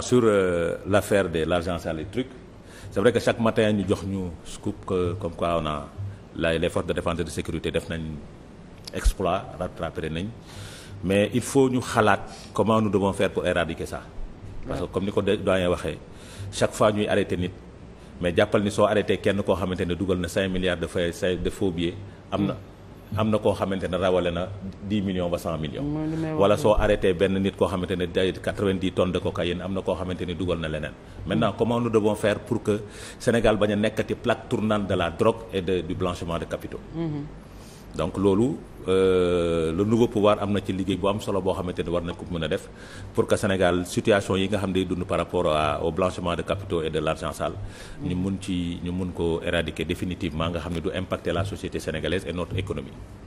sur euh, l'affaire de l'argent sale et truc c'est vrai que chaque matin ñu jox ñu scoop que comme quoi on a la les forces de défense et de sécurité def nañ exploit rattrapé nañ mais il faut ñu xalaat comment nous devons faire pour éradiquer ça parce que comme ni ko doyen waxee chaque fois ñuy arrêté nit mais jàppal ni soo arrêté kenn koo xamante ne dugal na cinq milliards de fay de faux am na am na koo xamante ne rawale na 10 millions ba 100 millions. wala soo arrêté benn nit koo xamante ne day 90 tonnes de cocaïne am na koo xamante ne dugal na leneen. maintenant mm. comment nous devons faire pour que Sénégal bañ a nekkati plaque tournante de la et de du blanchiment de capitaux. Mm-hmm. donc loolu euh, le nouveau pouvoir am na ci liggéey bu am solo boo xamante ni war na ko mën a def pour que Sénégal situation yi nga xam day dund par rapport au blanchiment de capitaux et de l'argent sale ñu mun ci ñu mun ko éradiquer définitivement nga xam ne du impacter la société sénégalaise et notre économie